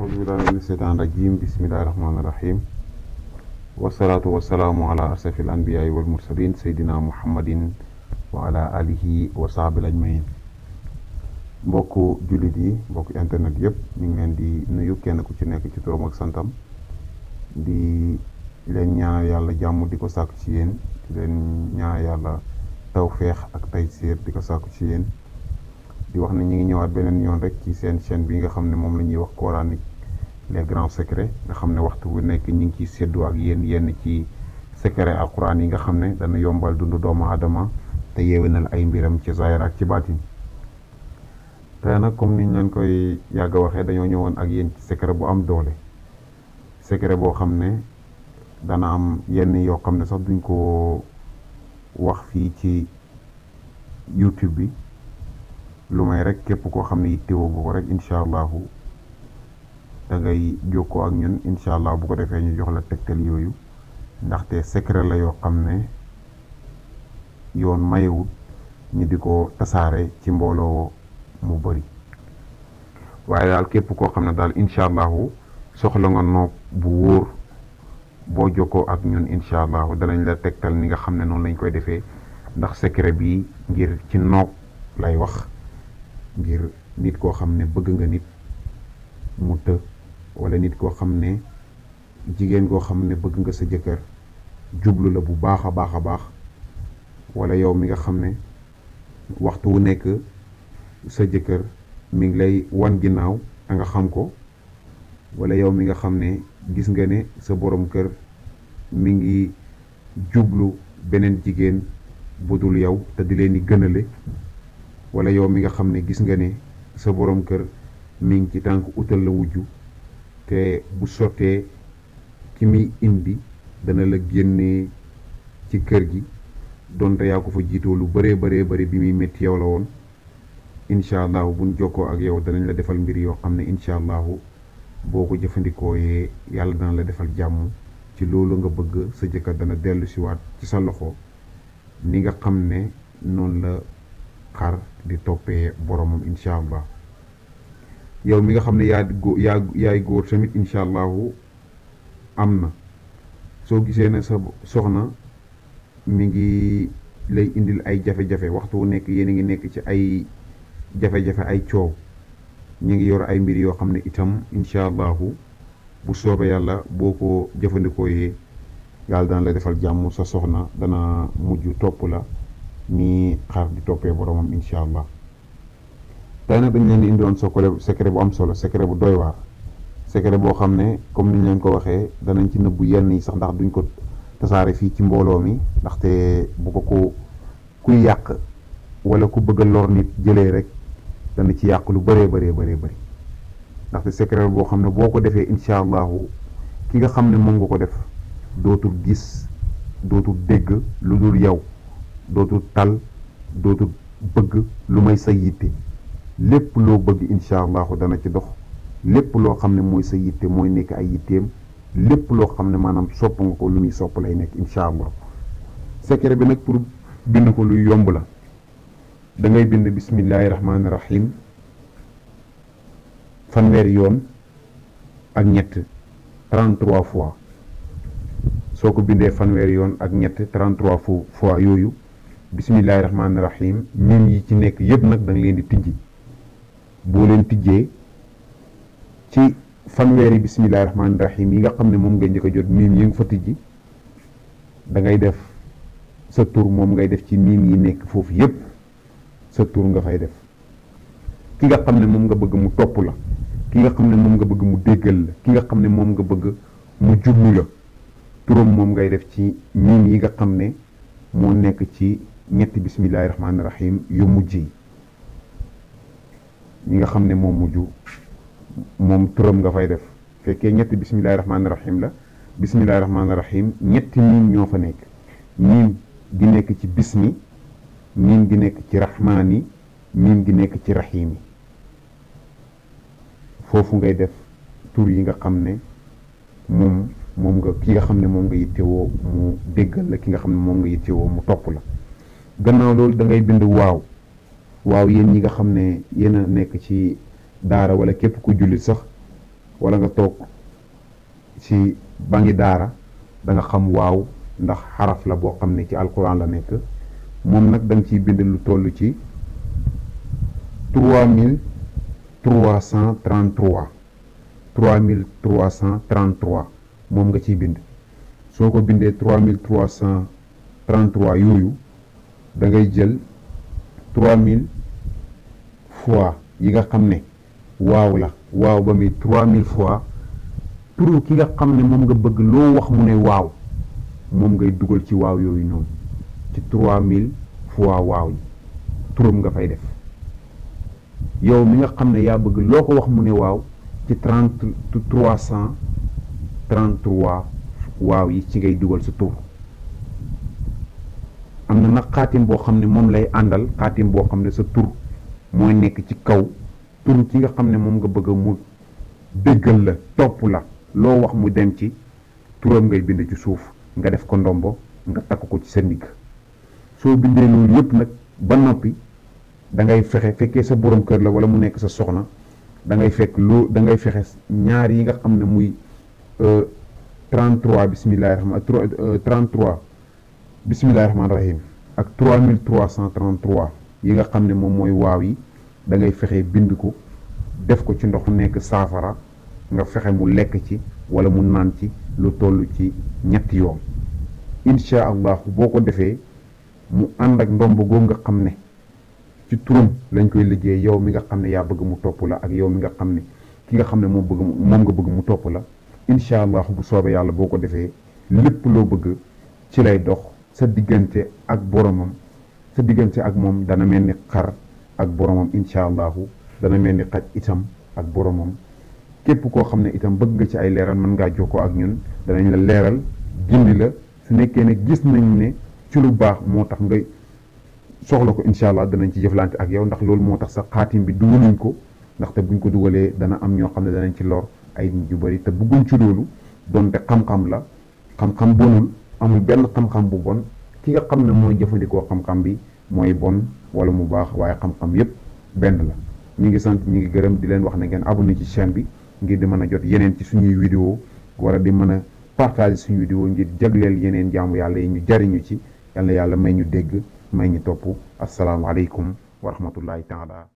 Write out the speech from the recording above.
أعوذ بالله من الشيطان الرجيم بسم الله الرحمن الرحيم والصلاة والسلام على أشرف الأنبياء والمرسلين سيدنا محمد وعلى آله وصحبه أجمعين بوكو جوليدي بوكو انترنت ييب نيغي لين دي نويو كين كو سي نيك سي تورم سانتام دي لين نيا يالا جامو ديكو ساكو سي يين لين نيا يالا توفيق اك تيسير ديكو ساكو سي يين di wax ne ñu ngi ñëwaat beneen yoon rek ci seen chaîne bi nga xam ne moom la ñuy wax coranique les grands secrets nga xam ne waxtu bu nekk ñu ngi ciy séddoo ak yéen yenn ci secret alquran yi xam ne dana yombal dundu doomu aadama te yeewanal ay mbiram ci zahir ak ci baatin te nag comme niñ leen koy yàgg waxee dañoo ñëwoon ak yéen ci secret bu am doole secret boo xam ne dana am yenn yoo xam ne sax duñ ko wax fii ci YouTube bi lu may rek képp koo xam ne yittewoo nga ko rek incha allahu da ngay jokkoo ak ñun incha allah bu ko defee ñu jox la tegtal yooyu ndaxte secret la yoo xam ne yoon mayewut ñu di ko tasaare ci mbooloo mu bëri waaye daal képp koo xam ne daal incha allahu soxla nga nopp bu wóor boo jokkoo ak ñun incha allahu danañ la tegtal ni nga xam ne noonu lañ koy defee ndax secret bi ngir ci nopp lay wax ngir nit koo xam ne bëgg nga nit mu të wala nit koo xam ne jigéen koo xam ne bëgg nga sa jëkkër jublu la bu baax a baax a baax walla yow mi nga xam ne waxtu wu nekk sa jëkkër mi ngi lay wan ginnaaw danga xam ko walla yow mi nga xam ne gis nga ne sa borom kër mi ngi jublu beneen jigéen bu dul yow te di leen di gënale wala yow mi nga xam ne gis nga ne sa borom kër mi ngi ci tànk utal la wujju te bu sottee ki muy indi dana la génne ci kër gi doonte yaa ko fa jiitoo lu bëree bëree bëri bi muy métti yow la woon incha allahu buñ jokkoo ak yow danañ la defal mbir yoo xam ne incha allahu boo ko jëfandikoo yee yàlla dana la defal jàmm ci loolu nga bëgg sa jëkkër dana dellu siwaat ci sa loxo ni nga xam ne noonu la xar di toppee boromam incha allah yow mi nga xam ne yaa yaa yaay góor tamit incha allahu am na soo gisee ne sa soxna mi ngi lay indil ay jafe-jafe waxtu wu nekk yéen a ngi nekk ci ay jafe ay coow ñu ngi yor ay mbir yoo xam ne itam incha allahu bu soobee yàlla boo ko jëfandikoo yee yàlla dana la defal jàmm sa soxna dana mujj topp la ni xar di toppee boromam incha allah tey nag dañ leen di indiwoon secret secret bu am solo secret bu doy waar secret boo xam ne comme niñ leen ko waxee danañ ci nëbbu yenn yi sax ndax duñ ko tasaare fii ci mbooloo mi ndaxte bu ko ku kuy yàq wala ku bëgg a lor nit jëlee rek dana ci yàq lu bëree bëree bëree bëri ndaxte secret boo xam ne boo ko defee incha allahu ki nga xam ne moom nga ko def dootul gis dootul dégg lu dul yow dootu tal dootul bëgg lu may sa yitte lépp loo bëgg incha allahu dana ci dox lépp loo xam ne mooy sa yitte mooy nekk ay yitteem lépp loo xam ne maanaam sopp nga ko lu muy sopp lay nekk incha allah secret bi nag pour bind ko lu yomb la da ngay bind bismillahi rahmaani rahim fanweeri yoon ak ñett 33 fois soo ko bindee fanweeri yoon ak ñett 33 fois yooyu Bismillahirrahmanirrahim. rahmani yi ci nekk yépp nag da leen di tijji boo leen tijjee ci fanweeri bismillahirrahmanirrahim yi nga xam ne moom nga njëkk a jot mim yi nga fa tijji da ngay def sa tour moom ngay def ci mim yi nekk foofu yépp sa tour nga fay def ki nga xam ne moom nga bëgg mu topp la ki nga xam ne moom nga bëgg mu déggal la ki nga xam ne moom nga bëgg mu jublu la turam moom ngay def ci mim yi nga xam ne moo nekk ci ñetti bismillahi rahmaani rahim yu mujj yi ñi nga xam ne moom mujj moom turam nga fay def fekkee ñetti bismillahi rahmaani rahim la bismillahi rahmaani rahim ñetti miim ñoo fa nekk miim gi nekk ci bismi miim gi nekk ci rahmaani miim gi nekk ci rahimi foofu ngay def tur yi nga xam ne moom moom nga ki nga xam ne moom nga yittewoo mu déggal la ki nga xam ne moom nga yittewoo mu topp la gannaaw loolu dangay ngay bind waaw waaw yéen ñi nga xam ne yéen nekk ci daara wala képp ku jullit sax wala nga toog ci ngi daara danga xam waaw ndax xaraf la boo xam ne ci alquran la nekk moom nag da nga ciy bind lu toll ci trois mille trois cent trente trois trois mille moom nga ciy bind soo ko bindee trois mille trois cent trente trois yooyu da ngay jël 3000 fois yi nga xam ne la waw ba mi 3000 fois turu ki nga xam mom nga bëgg lo wax mu ne waw mom ngay duggal ci waw yoyu noonu ci 3000 fois waw yi turam nga fay def yow mi nga xam ya bëgg loo ko wax mu ne waw ci 30 333 waw yi ci ngay duggal ci tur am na nag xaatim boo xam ne moom lay àndal xaatim boo xam ne sa tur mooy nekk ci kaw tur ki nga xam ne moom nga bëgg mu déggal la topp la loo wax mu dem ci turam ngay bind ci suuf nga def ko ndombo nga takk ko ci sa ndigg soo bindee loolu yëpp nag ba noppi da ngay fexe fekkee sa borom kër la wala mu nekk sa soxna da ngay fekk loo da ngay fexe ñaar yi nga xam ne muy 33 bisimilah rahma 33. bisimilahi rahmaani rahim ak 3333 yi nga xam ne moom mooy waaw yi dangay fexe bind ko def ko ci ndox nekk saafara nga fexe mu lekk ci wala mu naan ci lu toll ci ñetti yoon incha allah boo ko defee mu ànd ak ndomb goo nga xam ne ci turam lañ koy liggéey yow mi nga xam ne yaa bëgg mu topp la ak yow mi nga xam ne ki nga xam ne moom bëgg moom nga bëgg mu topp la incha allah bu soobee yàlla boo ko defee lépp loo bëgg ci lay dox sa diggante ak boromam sa diggante ak moom dana mel ni xar ak boromam incha allahu dana mel ni xaj itam ak boromam képp koo xam ne itam bëgg nga ci ay leeral mën ngaa ko ak ñun danañ la leeral gindi la su nekkee ne gis nañ ne ci lu baax moo tax nga soxla ko incha allah danañ ci jëflante ak yow ndax loolu moo tax sa xaatim bi dugaluñ ko ndaxte buñ ko dugalee dana am ñoo xam ne danañ ci lor ay nit yu bëri te bëgguñ ci loolu donte xam-xam la xam amul benn xam-xam bu bon ki nga xam ne mooy jëfandikoo xam-xam bi mooy bon wala mu baax waaye xam-xam yépp benn la ñu ngi sant ñu ngi gërëm di leen wax na ngeen abonné ci chaîne bi ngir di mën a jot yeneen ci suñuy vidéo wala di mën a partager suñu vidéo ngir jagleel yeneen jaamu yàlla yi ñu jariñu ci yàlla yàlla may ñu dégg may ñu topp asalaamaaleykum wa rahmatullahi taala